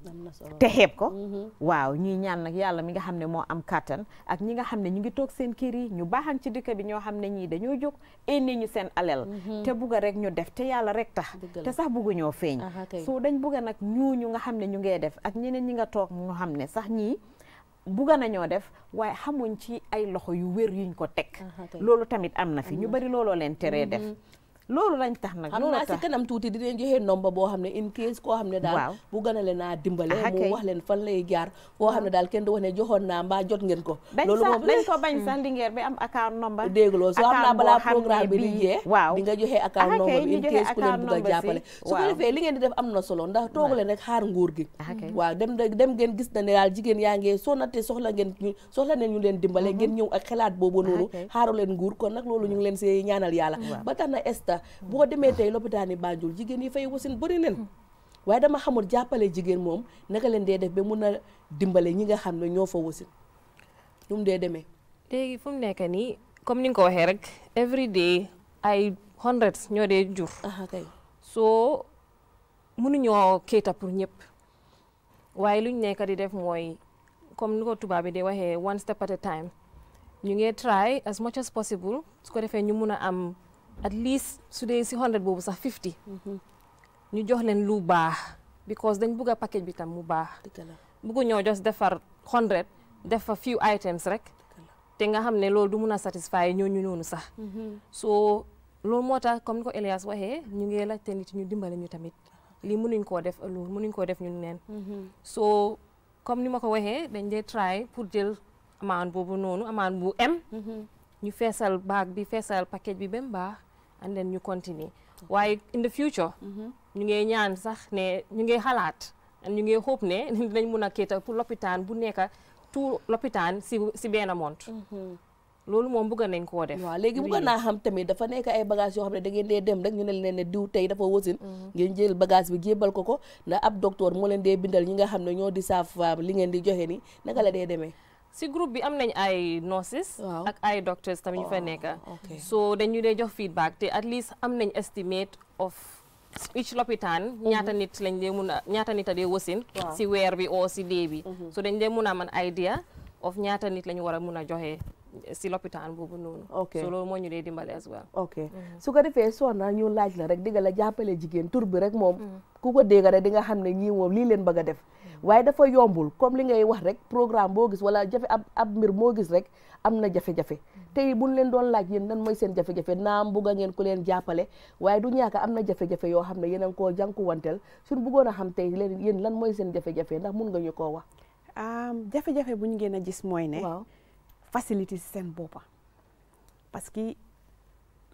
te xeeb ko mhm. waaw ñuy ñaan nag yàlla mi nga xam ne moo am kàttan ak ñi nga xam ne ñu ngi toog seen kër yi ñu baaxan ci dëkk bi ñoo xam ne ñii dañoo jóg indi ñu seen alal mhm. te bugg rek ñu def te yàlla rek tax te sax bugg ñoo feeñ soo dañ bugg a nag ñooñu nga xam ne ñu ngee def ak ñeneen ñi nga toog ñu xam ne sax ñii bugga nañoo def waaye xamuñ ci ay loxo yu wér yuñ ko teg loolu tamit am na fi ñu bari looloo leen teree def loolu lañ tax nag loolu tax xam naa si kanam tuuti dinañ joxe nomba boo xam ne in case ko xam ne daal bu gën a a dimbale ah, mu wax leen fan lay jaar foo xam ne daal kenn du wax joxoon naa mbaa jot ngeen ko loolu moom dañ ko bañ sax lingeer bi am account nomba dégloo soo xam naa balaa programme bi di jee ah, bi in case ku leen bëgg a jàppale su ko defee li ngeen di def am na solo ndax toogu leen rek xaar nguur gi ah, waaw dem dem ngeen gis na ne daal jigéen yaa ngee sonnate soxla ngeen soxla ne ñu leen dimbale mhm. ngeen ñëw ak xalaat boobu noonu xaaru leen nguur ko nag loolu ñu ngi leen si ñaanal yàlla ba tax na dara boo demee tey lopitaan yi Banjul jigéen yi fay wasin bëri nen waaye dama xamul jàppale jigéen moom naka leen dee def ba mun a dimbale ñi nga xam ne ñoo fa wasin nu mu dee demee léegi fu mu nekk nii comme ni nga ko waxee rek every day ay hundreds ñoo dee jur kay soo mënuñoo kéeta pour ñëpp waaye luñ nekk di def mooy comme ni ko tubaab bi di waxee one step at a time ñu try as much as possible su ko defee ñu mun am at least su dee si hundred boobu sax fifty mm-hmm. ñu jox leen lu baax because dañ bugg a package bi tam mu baax buggu ñoo jos defar hundred def fa few items rek te nga xam ne loolu du mun a satisfy ñooñu noonu sax mm-hmm. soo loolu moo tax comme ni ko Elias waxee ñu ngee ngi te nit ñu dimbale ñu tamit lii mun mënuñ koo def ëllëg mënuñ koo def ñu neen mm-hmm. soo comme ni ma ko waxee dañ dee try pour jël amaan boobu noonu amaan bu em ñu feesal baag bi feesal package bi ba baax and then ñu continue waaye in the future mm-hmm. ñu ngey ñaan sax ne ñu ngey xalaat ñu ngey hope ne (laughs) dinañ mun a kéeta pour lopitaan bu nekka tout lopitaan si si benn mont mm-hmm. loolu moom bëgg nañ koo def waaw léegi bëgg naa xam tamit dafa nekk ay bagage yoo xam ne da ngeen dee dem rek ñu ne leen ne diw tey dafa wasin mm-hmm. ngeen jël bagage bi jébal ko ko na ab docteur moo leen dee bindal ñi nga xam ne ñoo di saaf li ngeen di joxe ni naka la dee demee si groupe bi am nañ ay nurses ak ay doctors tamit ñu fa oh, nekka so dañu dee jox feedback te at least am nañ estimate of each lopitaan mhm. ñaata nit lañ dee mun a ñaata nit a dee wasin si weer bi oo si dee bi mhm. so dañ dee mun a am an idea of ñaata nit lañu war a mun a joxe si lopitaan boobu noonu so loolu moo ñu dee dimbale as well ok mhm. su ko defee soxna ñu laaj la rek digga la jàppale jigéen tur bi rek moom ku ko dégg rek di nga xam ne ñii moom lii leen bëgg a def waaye dafa yombul comme li ngay wax rek programme boo gis wala jafe ab ab mbir moo gis rek am na jafe-jafe tey buñ leen doon laaj yéen nan mooy seen jafe-jafe naam bugg ngeen ku leen jàppale waaye du ñàkk am na jafe-jafe yoo xam ne yéen a ngi koo jànkuwanteel suñ bëggoon a xam tey leen yéen lan mooy seen jafe-jafe ndax mun nga ñu koo wax jafe-jafe bu ñu gën a gis mooy ne facilité si seen boppa parce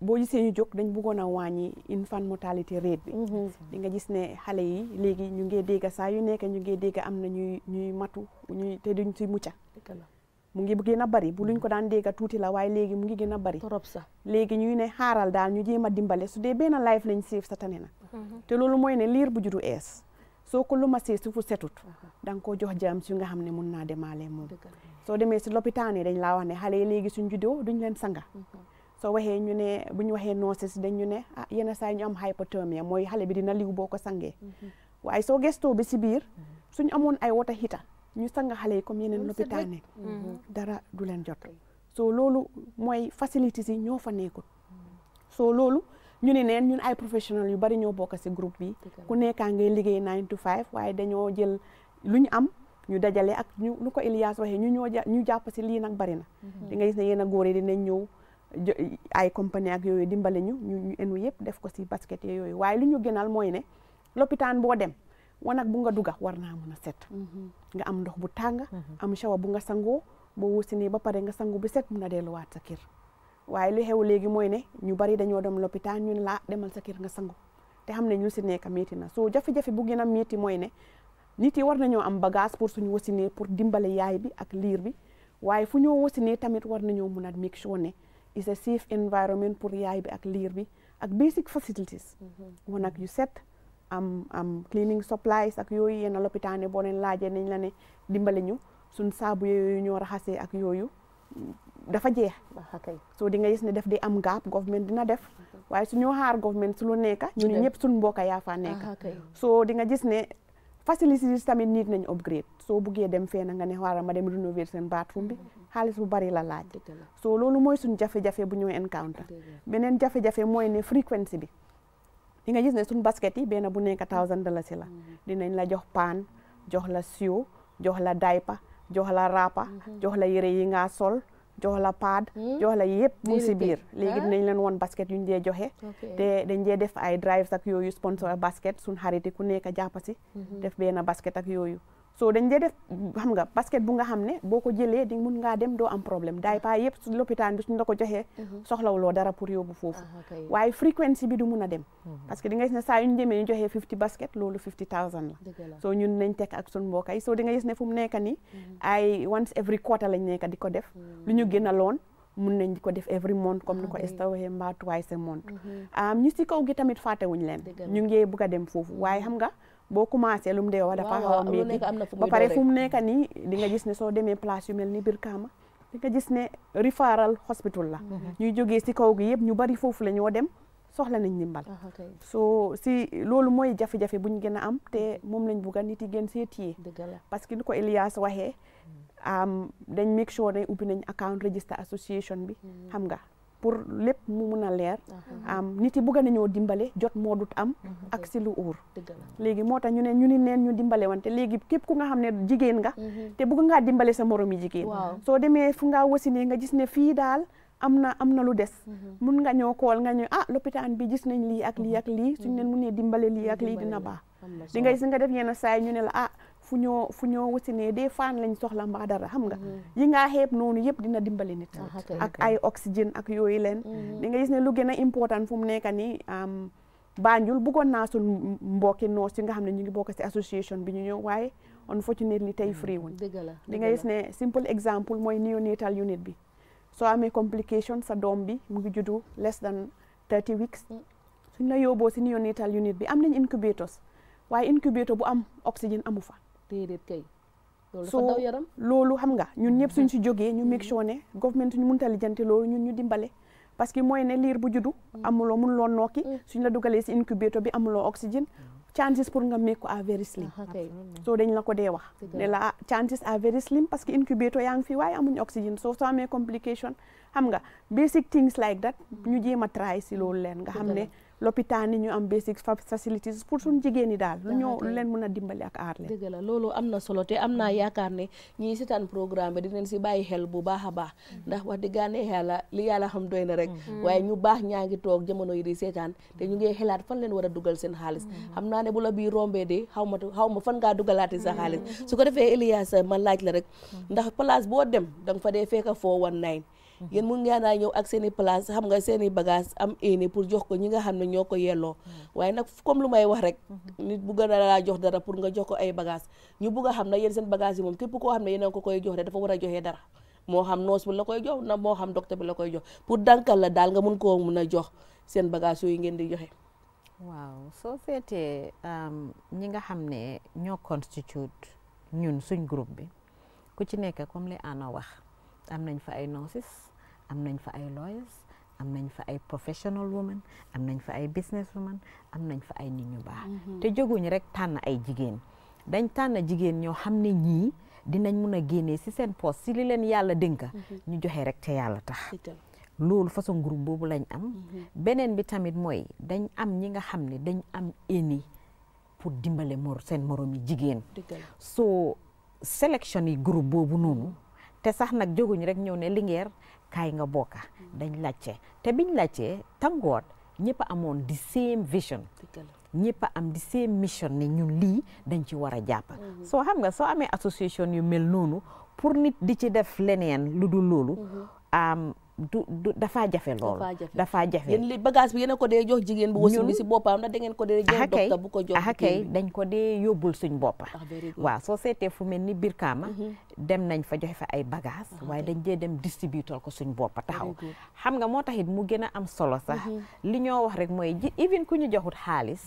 boo gisee ñu jóg dañ bëggoon a wàññi infant mortality rate bi mm-hmm. di nga gis ne xale yi léegi ñu ngee dégg saa yu nekk ñu ngee dégg am na ñuy ñuy matu ñuy te duñ si mucca mu ngi gën a bari bu luñ ko daan dégg tuuti la waaye léegi mu ngi gën a bari trop sax léegi ñuy ne xaaral daal ñu jéem a dimbale su dee bee benn life lañ siif sa tane na mm-hmm. te loolu mooy ne liir bu juddu ees soo ko lu ma see sufu setut mm-hmm. da nga koo jox jaam si nga xam ne mun naa demaale moom soo demee si lopitaan yi dañ laa wax ne xale yi léegi suñ juddoo duñ leen sanga soo waxee ñu ne bu ñu waxee nurses ñu ne ah yenn saa yi ñu am hypothermia mooy xale bi dina liw boo ko sangee mm-hmm. waaye soo gestoo bi si biir mm-hmm. suñu amoon ay wota hita ñu sanga xale yi comme yeneen lopitaan mm-hmm. dara du leen jot soo loolu mooy facilities yi ñoo fa nekkul soo loolu ñu ne neen ñun ay professionnel yu bari ñoo bokk si groupe bi ku nekkaa ngay liggéey nine to five waaye dañoo jël lu ñu am ñu dajale ak ñu lu ko Ilias waxee ñu ñoo ñu jàpp si lii nag bari na da nga gis ne yéen a góor yi dinañ ñëw ay compagnie ak yooyu dimbale ñu ñu ñu enu yëpp def ko si basket yooyu waaye lu ñu gënal mooy ne lopitaan boo dem wanag bu nga duga war naa mun a set. Mm-hmm. nga am ndox bu tàng. Mm-hmm. am shawa bu nga sangoo boo wusinee ba pare nga sangu bu set mun a delluwaat sa kër. waaye lu xew léegi mooy ne ñu bari dañoo dem lopitaan ñu ne laa demal sa nga sangu te xam ne ñu si nekk miiti na soo jafe-jafe bu gën a miiti mooy ne nit yi war nañoo am bagage pour suñu wasinee pour dimbale yaay bi ak liir bi waaye fu ñoo wasinee tamit war nañoo mun a make sure is a safe environment pour yaay bi ak liir bi ak basic facilities wanag mm-hmm. yu set am am cleaning supplies ak yooyu yenn lopitaane boo leen laajee nañ la ne dimbali ñu suñ saabu yooyu ñoo raxasee ak yooyu dafa jeex so di nga gis ne def di am gaap government dina def mm-hmm. waaye suñoo xaar government su lu nekka ñu ne ñëpp suñ mbokka yaa fa nekka soo ne facilities tamit nit nañ upgrade soo buggee dem fee na nga ne xaaral ma dem rénover seen baat bathroom bi mm-hmm. xaalis bu bari la laaj soo loolu mooy suñ jafe-jafe bu ñoo encounter beneen jafe-jafe mooy ne frequency bi di nga gis ne suñ basket yi benn bu nekk thousand dalasi la mm-hmm. dinañ la jox paan jox la siwo jox la daypa jox la rapa mm-hmm. jox la yére yi nga sol jox la pad hmm? jox la yëpp mu si biir léegi ah? dinañ leen woon basket yu ñu dee joxe te dañ dee def ay drives sak yooyu sponsor basket suñ xariti ku nekk jàppa si hmm. def benn basket ak yooyu so dañ dee def xam nga basket bu nga xam ne boo ko jëlee di mun ngaa dem doo am problème mm-hmm. daay paa yëpp lopitaan bi suñ la ko joxee mm-hmm. soxlawuloo dara pour yóbbu foofu ah, waaye fréquence bi du mun a dem mm-hmm. parce que di nga gis ne saa yu ñu demee ñu joxee fifty basket loolu fifty thousand la so ñun nañ di ay once every quarter lañ nekk di ko def lu ñu gën loon mun nañ di ko def every month comme ni ko ah, esta waxee mbaa twice a month ñu si kaw gi tamit wuñ leen ñu ngi bugg a dem foofu waaye xam nga boo commencé lu mu dee wax dafa xaw a métti ba pare fu mu nekk nii di nga gis ne soo demee place yu mel ni Brikama di nga gis ne referral hospital la mhm. ñuy jógee si kaw gi yëpp ñu bari foofu la ñoo dem soxla nañ ndimbal soo si loolu mooy jafe-jafe bu ñu gën a am te moom lañ bugg a nit yi gën see téye parce que ni ko Elias waxee dañ make sure ne ubbi nañ account register association bi mhm. xam nga pour lépp mu mun a leer am nit yi bugga nañoo dimbale jot moo dut am mhm. ak si lu uur léegi moo tax ñu ne ñu ni neen ñu dimbale wante léegi képp ku nga xam ne jigéen nga mhm. te bugg ngaa dimbale sa moromi jigéen soo demee fu ngaa wasinee nga gis ne fii daal am na am na lu des mhm. mun nga ñoo kool nga ñëw ah lopitaan bi gis nañ lii ak lii ak lii suñ leen mun ne dimbale lii ak lii dina baax di nga gis nga def yenn saa yi ñu la ah fu ñoo fu ñoo wasinee des faan lañ soxla mbaa dara xam nga mm-hmm. yi ngaa xeeb noonu yëpp dina dimbali nit ah, ak ay oxygène ak yooyu leen mm-hmm. di nga gis ne lu gën a important fu mu nekk nii Banjul bëggoon naa suñ mbokki noos yi nga xam ne ñu ngi bokk si association bi ñu ñëw waaye unfortunately tey mm-hmm. free wuñ di nga gis ne simple exemple mooy neonatal unit bi soo amee complication sa doom bi mu ngi juddu less than 30 weeks mm. suñ la yooboo si neonatal unit bi am nañ incubators waaye incubator bu am oxygène amu fa déedéet kay. loolu dafa daw yaram loolu xam nga ñun ñëpp suñ mhm. si jógee ñu make sure ne government ñu mënut a lijjanti loolu ñun ñu dimbale. parce que mooy ne liir bu juddu. Mhm. amuloo mënuloo nokki. Mhm. suñ la dugalee si incubateur bi amuloo oxygène. chances pour nga make ko à very slim. soo dañ la ko dee ne la chances à slim parce que incubateur yaa ngi fi amuñ oxygène soo soo complication xam nga basic things like that. ñu jéem a try si loolu leen nga xam ne. lopitaan yi ñu am basic facilities pour suñu jigéen ñi daal. lu leen mën a dimbali ak aar leen. la loolu am na solo te am na yaakaar ne ñii seetaan programme bi dinañ si bàyyi xel bu baax a baax mm. ndax wax gaane yàlla li yàlla xam doy na rek. Mm. waaye ñu baax ñaa ngi toog jamono yi di seetaan te ñu ngi xelaat fan leen war a dugal seen xaalis. Mm. xam naa ne bu la bii rombee de xaw ma xaw ma fan ngaa dugalaati sa xaalis su ko defee Elias ma laaj la rek ndax place boo dem danga fa dee feka fekk 419 Mm-hmm. yéen mun ngeen naa ñëw ak seeni i place nga seen i am éene pour jox ko ñi nga xam ne ñoo ko yelloo mm-hmm. waaye nag comme lu may wax rek mm-hmm. nit bu gën laa jox dara pour nga jox ko ay bagage ñu bugg a xam ne seen bagage moom képp koo xam ne yéen a ko koy jox rek dafa a joxee dara moo xam noos bi la koy jox na moo xam docteur bi la koy jox pour dankal la daal nga mun koo mun a jox seen bagage yooyu ngeen di joxe waaw soo seetee ñi nga xam ne ñoo constitute ñun suñ groupe bi ku ci nekk comme li ana wax am nañ fa ay nurses am nañ fa ay lawyers am nañ fa ay professional women am nañ fa ay business women am nañ fa ay nit ñu baax mm-hmm. te jóguñu rek tànn ay jigéen dañ tànn jigéen ñoo xam ne ñii dinañ mun a génnee si seen poste si li leen yàlla dénka mm-hmm. ñu joxe rek te yàlla tax loolu façon groupe boobu lañ am mm-hmm. beneen bi tamit mooy dañ am ñi nga xam ne dañ am éni pour dimbale mor seen morom yi jigéen soo sélection yi groupe boobu noonu te sax nag jóguñ rek ñëw ne Linguère kaay nga bokk dañ laajte te biñ laajtee tàngoor ñëpp amoon di same vision ñëpp am di same mission ne ñun lii dañ ci war a jàpp mhm. soo xam nga soo amee association yu mel noonu pour nit di ci def leneen lu dul loolu mhm. du du dafaa jafe loolu dafaa jafe yéen li bagage bi ko dee jox jigéen bu wasin bi si boppam ndax da ngeen ko dee jox docteur bu ko jox akay dañ ko dee yóbbul suñ boppa ah, waaw soo seetee fu mel ni Brikama mhm. dem nañ fa joxe fa ay bagage ah, waaye dañ jee dem distributor ko suñ boppa taxaw xam nga moo tax it mu gën a am solo sax mhm. li ñoo wax rek mooy ji even ku ñu joxut xaalis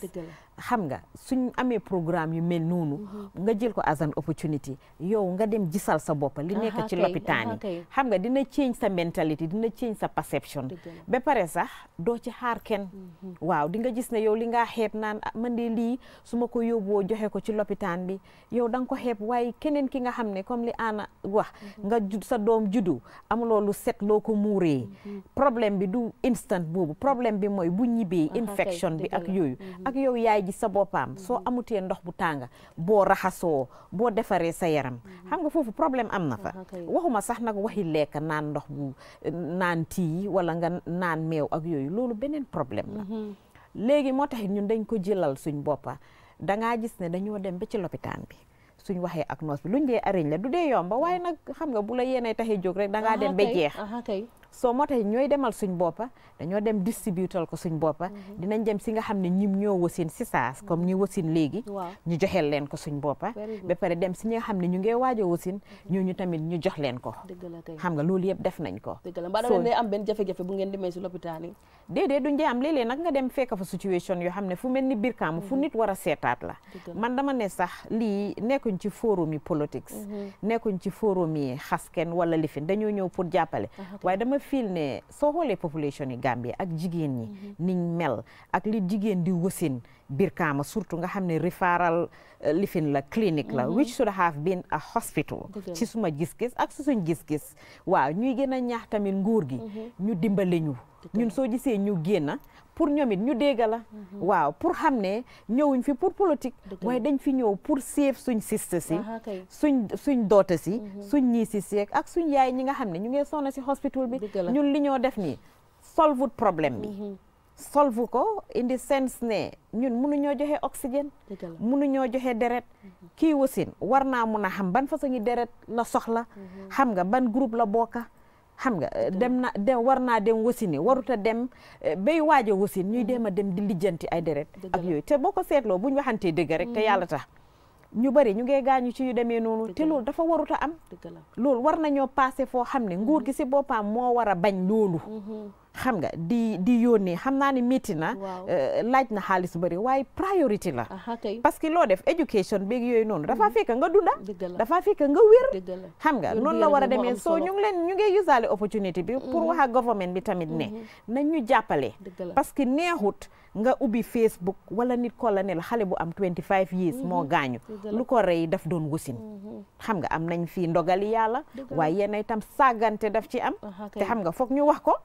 xam nga suñ amee programme yu mel noonu mhm. nga jël ko as an opportunity yow nga dem gisal sa bopp li nekk ci lopitaan yi xam nga dina change sa mentalité dina change sa perception ba pare sax doo ci xaar kenn mhm. waaw di nga gis ne yow li nga xeeb naan ah, man de lii su ma ko yóbboo joxe ko ci lopitaan bi yow da nga ko xeeb waaye keneen ki nga xam ne comme li Anna wax mhm. nga jud sa doom juddu amuloo lu set loo ko muuree problème bi du instant boobu problème bi mooy bu ñibbee infection bi ak yooyu ak yow yaay ji sa boppam soo amutee ndox bu tàng boo raxasoo boo defaree sa yaram xam nga foofu problème am na fa ah, waxuma sax nag waxi lekk naan ndox bu naan tii wala nga naan meew ak yooyu loolu beneen problème la mhm. léegi moo tax ñun dañ ko jëlal suñ boppa dangaa gis ne dañoo dem ba ci lopitaan bi suñ waxee ak noos bi luñ dee ariñ la du dee yomba waaye nag xam nga bu la yéenay taxee jóg rek dangaa ah, dem ba jeex ah, soo moo tax ñooy demal suñ boppa dañoo dem distributal ko suñ boppa mhm. dinañ dem si nga xam ne ñim ñoo wasin si saas comme ñu wasin léegi ñu joxeel leen ko suñ boppa ba pare dem si ñi nga xam ne ñu ngee waajo wasin mhm. ñooñu tamit ñu jox leen ko xam nga loolu yëpp def nañ ko am benn jafe bu ngeen demee si lopitaan yi déedéet duñ dee am léeg-léeg nag nga dem fekk fa situation yoo xam ne fu mel ni biir kàmm fu mhm. nit war a seetaat la man dama ne sax lii nekkuñ ci forum yi politics nekkuñ ci forum yi xasken wala lifin dañoo ñëw pour jàppale waaye dama feel ne soo xoolee population yi Gambie ak jigéen ñi mhm. niñ mel ak li jigéen di wasin biir kaama surtout nga xam ne referral euh, lifin la clinique la mhm. which should have been a hospital ci suma gis-gis ak su suñ gis-gis waaw ñuy gën a ñaax tamit nguur gi mhm. ñu dimbale ñu ñun soo gisee ñu génn pour ñoom it ñu dégg la. Mhm. waaw pour xam ne ñëwuñ fi pour politique. waaye dañ fi ñëw pour seef suñ siste si. suñ suñ doota si. Mhm. suñ ñii si seeg ak suñ yaay ñi nga xam ne ñu ngi sonn si hospital bi. ñun li ñoo def nii solvut problème bi. Mhm. solve ko in the ne ñun mënuñoo joxe oxygène. mënuñoo joxe deret. kii wasin war naa mun a xam ban façon yi deret la soxla. xam nga ban groupe la bokka xam nga dem na dem war naa dem wasine waruta dem eh, bay waaj a wasin ñuy mm. dem a dem di lijjanti ay deret ak yooyu te boo ko seetloo buñ waxantee dëgg rek te mm. yàlla tax ñu bëri ñu ngee gaañu ci yu demee noonu te loolu dafa warut a am loolu war nañoo passé foo xam ne nguur gi mhm. si boppam moo war a bañ loolu mhm. xam nga di di yónnee xam naa ne métti na euh, laaj na xaalis bëri waaye priorité la parce que loo def éducation beeg yooyu noonu dafa mhm. fekk nga dunda dafa fekk nga wér xam ga noonu la war a demee soo ñu ngi leen ñu ngey usaale opportunité bi pour wax ak government bi tamit ne nañ ñu jàppale parce que neexut nga ubbi Facebook wala nit ko la ne la xale bu am 25 years mhm. moo gaañu lu ko rey daf doon wasin mhm. xam nga am nañ fii ndogali yàlla waaye yéen tam saagante daf ci am te xam nga foog ñu wax ko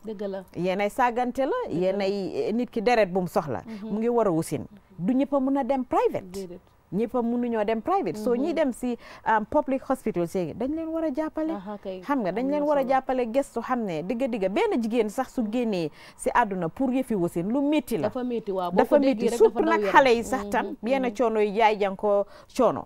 yéen ay saagante la yéen ay eh, nit ki deret bu mu soxla mhm. mu ngi war a du ñëpp a dem private ñëpp a mënuñoo dem private so ñi mhm. dem si um, public hospital seegi dañ leen war a jàppale xam nga dañ leen war a jàppale gestu xam ne digga digga benn jigéen sax su génnee si àdduna pour yëfi wasin lu métti la dafa métti surtout nag xale yi sax tam mhm. yenn mhm. coono yi jaay jang ko coono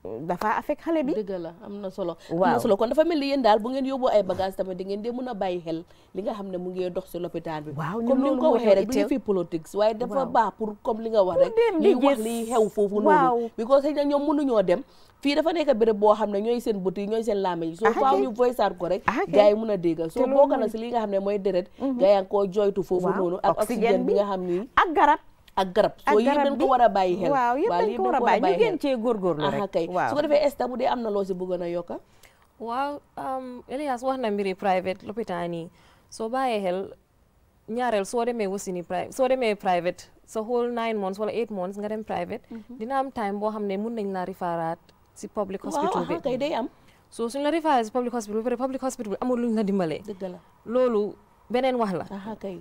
dafa affect xale bi dëgg am na solo waaw am na solo kon dafa mel ni yéen daal bu ngeen yóbboo ay bagage tamit di ngeen dee mën a bàyyi xel li nga xam ne mu ngi dox lopitaan bi waaw comme ni nga ko waxee rek du ñu fi politique waaye dafa baax pour comme li nga foofu noonu because xëy na ñoom mënuñoo dem fii dafa nekk béréb boo xam ne ñooy seen bët yi ñooy seen laame yi soo ah, faaw ñu voice out ko rek ah, gars yi mun a dégg soo bokk na si li nga xam ne mooy deret mhm. gars yaa ngi koo joytu foofu noonu ak oxygène bi nga xam ni ak garab ak garab soo yëpp dañ ko war a bàyyi xel waaw yëpp dañ ko war a bàyyi ñu gën cee góorgóorlu rek kay su ko defee esta bu dee am na loo si bëggoon a yokka waaw um, Elias wax na mbiri private lopitaan yi soo bàyyee xel ñaareel soo demee wasini private soo demee private sa whole nine months wala eight months nga dem private mhm. dina am time boo xam ne mun nañ la rifaraat si public hospital bi kay day am so suñ la rifaraat si public hospital bi public hospital bi amul luñ la dimbalee dëgg la loolu beneen wax la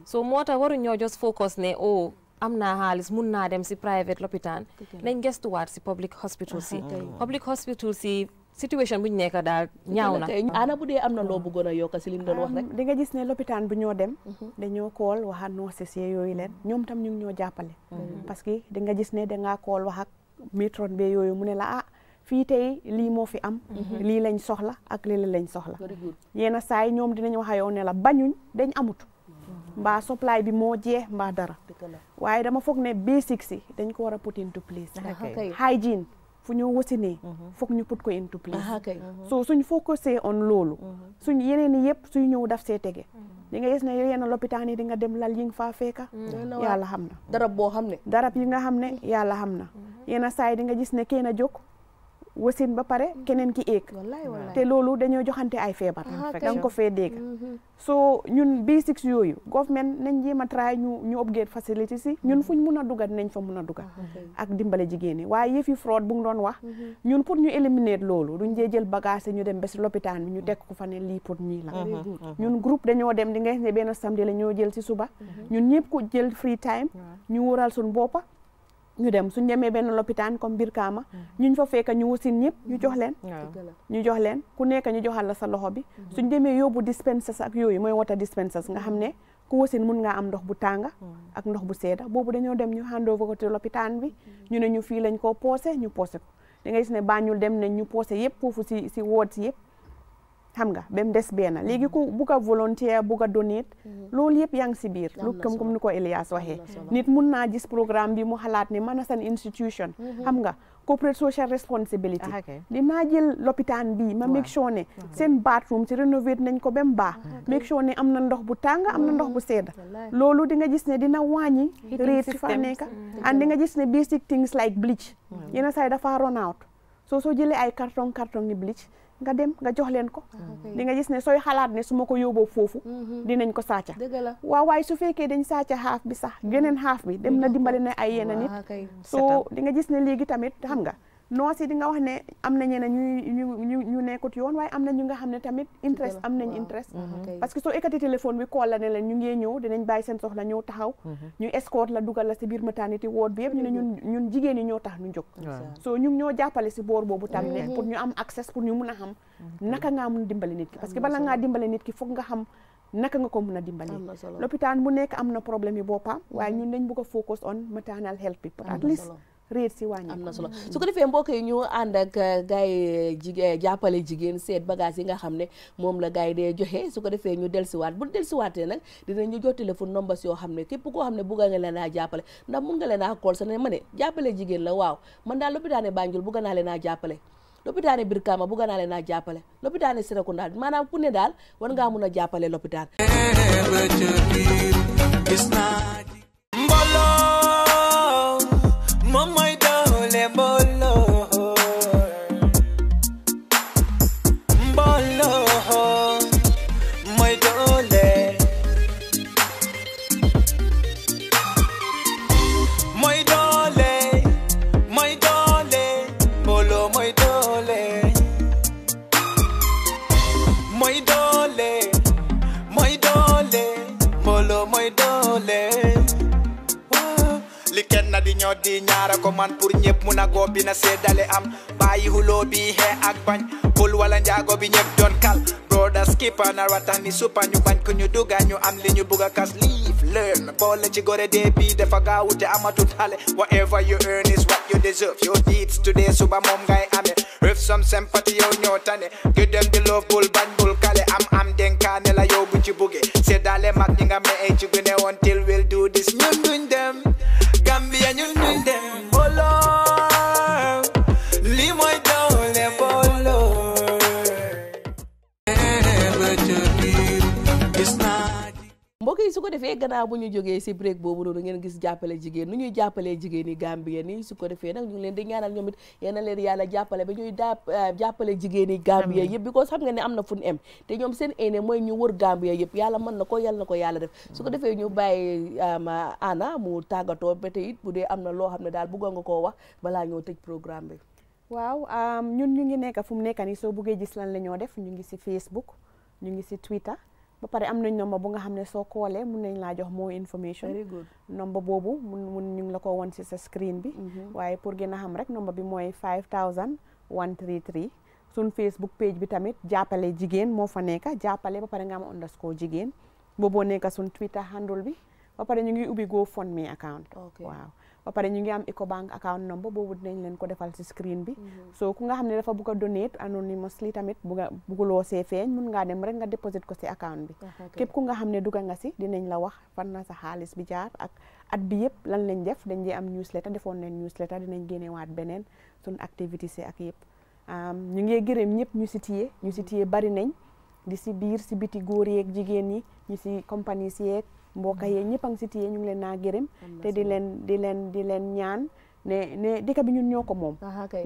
so moo tax waruñ ñoo just focus ne oh am naa xaalis mun naa dem si private lopitaan nañ gestuwaat si public hospital si ah, public hospital si situation bu ñu nekk daal ñaaw na ana bu dee am na loo bëggoon a si li mu doon wax rek ah, di nga gis ne lopitaan bu ñoo dem mhm. dañoo kool wax ak nurses yooyu leen mhm. ñoom tam ñu ñoo jàppale mhm. parce que di nga gis ne dangaa kool wax ak matron be yooyu mu ne la ah fii tey lii moo fi am lii lañ soxla ak lii lañ soxla yenn saa yi ñoom dinañ wax ak yow ne la bañuñ dañ amut mbaa supply bi moo jeex mbaa dara waaye dama foog ne basics si dañ ko war a put into place hygiene fu ñu wasinee mhm. foog ñu put ko into place so mhm. suñ focusé on loolu mhm. suñ yeneen i yëpp suñ ñëw daf see tege di nga gis ne yenn lopitaan yi di nga dem lal yi nga faa fekka mm, yàlla xam na darab boo xam ne darab yi nga xam ne yàlla xam na yenn saay yi di nga gis ne kenn a jóg wasin ba pare mm-hmm. keneen ki éeg te loolu dañoo joxante ay feebar ah, da nga ko fee dégg mm-hmm. so ñun basics yooyu government nañ jéem a try ñu ñu upgrade facilities yi ñun mm-hmm. fuñ mun a dugal nañ fa mun a dugal ah, ak dimbale jigéen yi waaye yëfi fraude bu ngi doon wax ñun pour ñu éliminer loolu duñ jee jël bagage ñu dem ba si lopitaan bi ñu teg ko fa ne lii pour ñii la ñun groupe dañoo dem di nga ne benn samedi la ñoo jël si suba ñun ñëpp ko jël free time ñu wóoral suñ boppa ñu dem suñ demee benn lopitaan comme Birkaama mm. ñuñ fa fekk ñu wasin ñëpp ñu jox leen mm. ñu jox leen ku nekk ñu joxal la sa loxo bi mm-hmm. suñ demee yóbbu dispensers ak yooyu mooy water dispensers nga xam mm-hmm. ne ku wasin mun nga am ndox bu tànga mm. ak ndox bu seeda boobu dañoo dem ñu handover ko te loppitaan bi mm-hmm. ñu ne ñu fii lañ ko poosé ñu poose ko da ngay gis ne Banjul dem nañ ñu poosé yëpp foofu si si woot yëpp xam nga ba mu des benn mm-hmm. léegi ku bugg a volontaire bugg a donate mm-hmm. loolu yëpp yaa ngi si biir lu comme comme ni ko Elias waxee nit mun naa gis programme bi mu xalaat ni man a san institution mm-hmm. xam nga corporate social responsibility ah, naa jël lopitaan bi ma make sure ne seen bathroom ci rénovate nañ ko ba mu baax make sure ne am na ndox bu tàng am na ndox bu sedda loolu di nga gis ne dina wàññi rate fa nekka and di nga gis ne basic things like bleach yenn saa yi dafa run out soo soo jëlee ay carton carton ni bleach nga dem nga jox leen ko ah. di nga gis ne sooy xalaat ne su ma ko yóbboo foofu mhm. dinañ ko sàcca waaw waaye su fekkee dañ sàcca xaaf bi sax geneen xaaf bi dem na dimbali na ay yenn nit so di nga gis ne léegi tamit xam nga non si di nga wax ne am na ñeneen ñu ñu nekkut yoon waaye am na ñu nga xam ne tamit interest am nañ interest mhm. parce que soo ekkati téléphone bi call la ne leen ñu ngee ñëw dinañ bàyyi seen soxla ñëw taxaw mhm. ñu escort la dugal la si biir maternity ward bi yëpp ñu ne ñun mhm. ñun jigéen ñi ñoo tax ñu jóg soo ñu ñoo jàppale si boor boobu tam ne pour ñu am accès pour ñu mun a xam naka ngaa mun dimbale nit ki parce que bala ngaa dimbale nit ki foog nga xam naka nga ko mën a dimbali lopitaan bu nekk am na problème yi boppam waaye ñun dañ bëgg a focus on maternal health bi at least réer si wàññi am na solo su ko defee mbokk yi ñu ànd ak gars jigéen jàppale jigéen seet bagage yi nga xam ne moom la gars yi dee joxe su ko defee ñu delsiwaat bu delsiwaatee nag dinañu jot téléphone nombas yoo xam ne képp koo xam ne bugg nga leen a jàppale ndax mun nga leen a kool sa ne ma ne jàppale jigéen la waaw man daal bu Banjul bugg naa leen a jàppale lopitaane Brikama bugg naa leen a jàppale lopitaane Serekunda maanaam ku ne daal war ngaa mun a jàppale lopitaan waxtaan ni suppa ñu bañ ko ñu dugga ñu am li ñu bugg a kas live learn boole ci gore dee bii dafa gaawu te amatut xale whatever you earn is what you deserve your deeds today suba moom ngay amee with some sympathy yow ñoo tane give them love bul bañ bul kale am am denkaane la yow bu ci buggee seddale mag ñi nga mee ci gune woon naa bu ñu jógee si break boobu noonu ngeen gis jàppale jigéen nu ñu jàppalee jigéen yi gambien yi su ko defee nag ñu ngi leen di ñaanal ñoom it yal na leen yàlla jàppale ba ñuy daa euh, jàppale jigéen yi gambien yëpp because xam nga ne am na fu ñu em te ñoom seen aîné mooy ñu wër gambien yëpp yàlla mën na ko yal na ko yàlla def su ko defee ñu bàyyi um, ana mu tàggatoo ba tey it bu dee am na loo xam ne daal bëggoon ga koo wax balaa ñoo tëj programme bi waaw um, ñun ñu ngi nekk fu mu nekk nii soo buggee gis lan la ñoo def ñu ngi si Facebook ñu ngi si Twitter ba pare am nañ nomba bu nga xam ne soo koolee mun nañ laa jox more information nomba boobu mun mun ñu ngi la ko won si sa screen bi mm-hmm. waaye pour gën a xam rek nomba bi mooy five thousand one three three suñ Facebook page bi tamit jàppale jigéen moo fa nekka jàppale ba pare nga am underscore jigéen bo booboo nekka suñ Twitter handle bi ba pare ñu ngi ubbi GoFundMe account waaw ba pare ñu ngi am Ecobank account number boobu dinañ leen ko defal si screen bi mhm. so ku nga xam ne dafa bugg a donate anonymously tamit bugga bugguloo see feeñ mun ngaa dem rek nga déposit ko si account bi képp ku nga xam ne duga nga si dinañ la wax fan na sa xaalis bi jaar ak at bi yëpp lan leen def dañ dee am newsletter defoon nañ newsletter dinañ génnewaat beneen suñ activité si ak yëpp ñu ngi gërëm ñëpp ñu si tiye ñu si mhm. tiye bari nañ di si biir si biti góor yeeg jigéen ñi ñu si compagnie mbokk yee ñëpp a ngi si téye ñu ngi leen naa gërëm te di leen di leen di leen ñaan ne ne dëkk bi ñun ñoo ko moom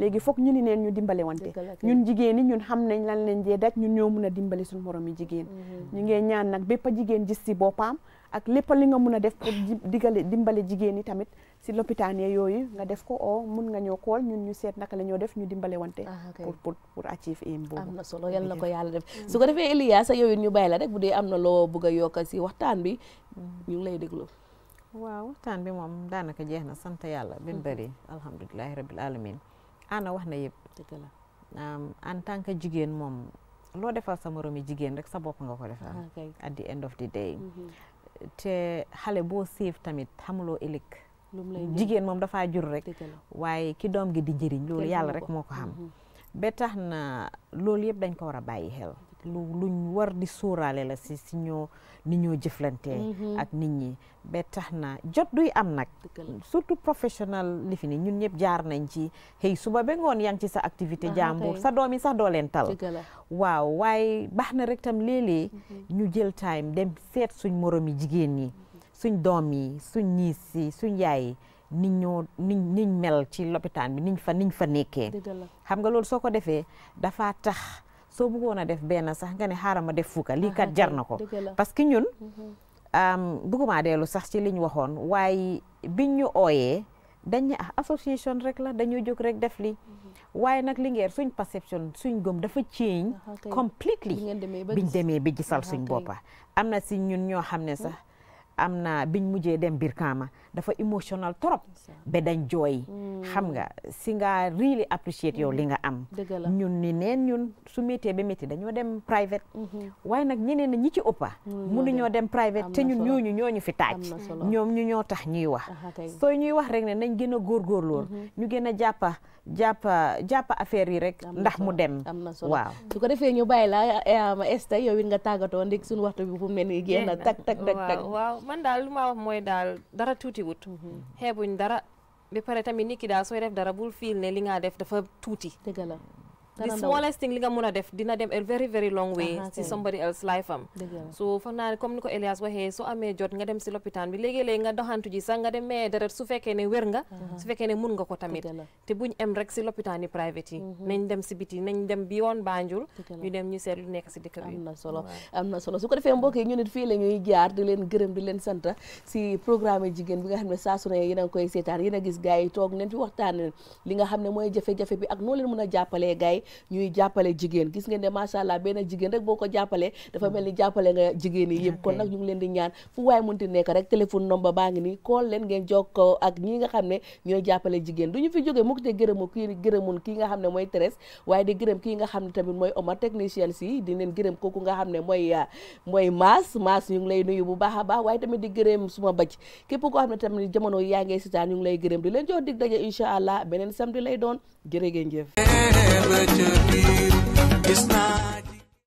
léegi foog ñu ni neen ñu dimbale wante ñun jigéen ñi ñun xam nañ lan leen jee daj ñun ñoo mun a dimbale suñu morom yi jigéen mm-hmm. ñu ngee ñaan nag bépp a jigéen gis si boppam ak lépp li nga mun a def pour digale dimbale jigéen ñi tamit si lopitaan yooyu nga def ko o mun nga ñoo kool ñun ñu seet naka la ñoo def ñu dimbale wante ah, pour pour pour boobu am na solo yal na ko yàlla def mm. ko defee Elias yow it ñu bàyyi la rek bu dee am na loo bëgg a si waxtaan bi ñu ngi lay déglu waaw waxtaan bi moom daanaka jeex na sant yàlla bi mu mm-hmm. bëri alhamdulilahi rabil alamin ana wax na yëpp la en tant que jigéen moom loo defal sa moromi jigéen rek sa bopp nga ko defal ah, at the end of the day mm-hmm. te xale boo séef tamit xamuloo ëllëg jigéen moom dafa jur rek waaye ki doom gi di jëriñ loolu yàlla rek moo ko xam mm-hmm. ba na loolu yëpp dañ ko war a bàyyi xel lu luñ war di sóoraale la si si ñoo ni ñoo jëflantee mhm. ak nit ñi ba tax na jot duy am nag surtout professionnel li fi ni ñun ñëpp jaar nañ ci xëy suba ba ngoon yaa ci sa activité jàmbur sa doom yi sax doo leen tal waaw waaye baax na rek tam léeg mhm. ñu jël time dem seet suñ moroom yi jigéen ñi mhm. suñ doom yi suñ niis yi suñ yaay yi niñ ñoo niñ mel ci lopitaan bi niñ fa niñ fa nekkee xam nga loolu soo ko defee dafa tax soo bëggoon a def benn sax nga ne xaaral ma def fukka lii ah, kat jar na ko parce que ñun mm-hmm. bëgguma dellu sax ci liñ waxoon waaye biñ ñu ooyee dañ ne ah association rek la dañoo jóg rek def li mm-hmm. waaye nag li Linguère suñ perception suñ gëm dafa change completely biñ demee bi gisal suñ boppa am na si ñun ñoo xam ne sax mm-hmm. am na biñ mujjee dem Brikama dafa émotionnel trop be dañ jooy mm. xam nga si nga really appreciate yow mm. li nga am ñun ni neen ñun su métier ba métier dañoo dem private mm-hmm. waaye nag ñeneen ñi ci ëppa mm-hmm. ñoo dem private te ñun ñu ñooñu ñu fi taaj ñoom ñu ñoo tax ñuy wax soo ñuy wax rek ne nañ gën a góorgóorlu mm-hmm. ñu gën a jàppa jàppa jàppa affaire yi rek ndax mu dem waaw su ko defee ñu bàyyi la eh, esta yow it nga tàggatoo ndik suñu waxtu bi fu mu ne tak man daal lu ma mooy daal dara tuuti tuutiwut. Mhm. xeebuñ dara ba pare tamit nit ki daal sooy def dara bul fiil ne li nga def dafa tuuti. dëgg the smallest thing li nga mun a def dina dem a very very long way si somebody else life am so foog naa comme ni ko Elias waxee soo amee jot nga dem si lopitaan bi léegi-léegi nga doxantu ji sax nga dem mee deret su fekkee ne wér nga su fekkee ne mun nga ko tamit te buñ em rek si lopitaan yi private yi mhm. nañ dem si biti nañ dem bi yoon Banjul ñu dem ñi seet lu nekk si dëkk bi am na solo am na solo su ko defee mbokk yi ñu nit fii la ñuy jaar gërëm di leen sant si programme jigéen bi nga xam ne saa su a ngi koy seetaan yéen a gis gars yi toog leen fi waxtaan li nga xam ne mooy jafe-jafe bi ak noo leen mën a jàppalee gars yi ñu ñuy jàppale jigéen gis ngeen ne macha allah benn jigéen rek boo ko jàppalee dafa mel ni jàppale nga jigéen yi yëpp kon nag ñu ngi leen di ñaan fu waaye munti nekk rek téléphone number baa ngi nii call leen ngeen jokkoo ak ñi nga xam ne ñooy jàppale jigéen du ñu fi jógee mukk te gërëmu kii gërëmun kii nga xam ne mooy Thérèse waaye di gërëm kii nga xam ne tamit mooy Omar technicien si di leen gërëm kooku nga xam ne mooy ah, mooy Maas Maas ñu ngi lay nuyu bu baax a baax waaye tamit di gërëm suma baj képp koo xam ne tamit jamono yaa ngi seetaan ñu ngi lay gërëm di leen jox dig daje incha allah beneen samedi lay doon jërë ngeen jëf ca biir gis naa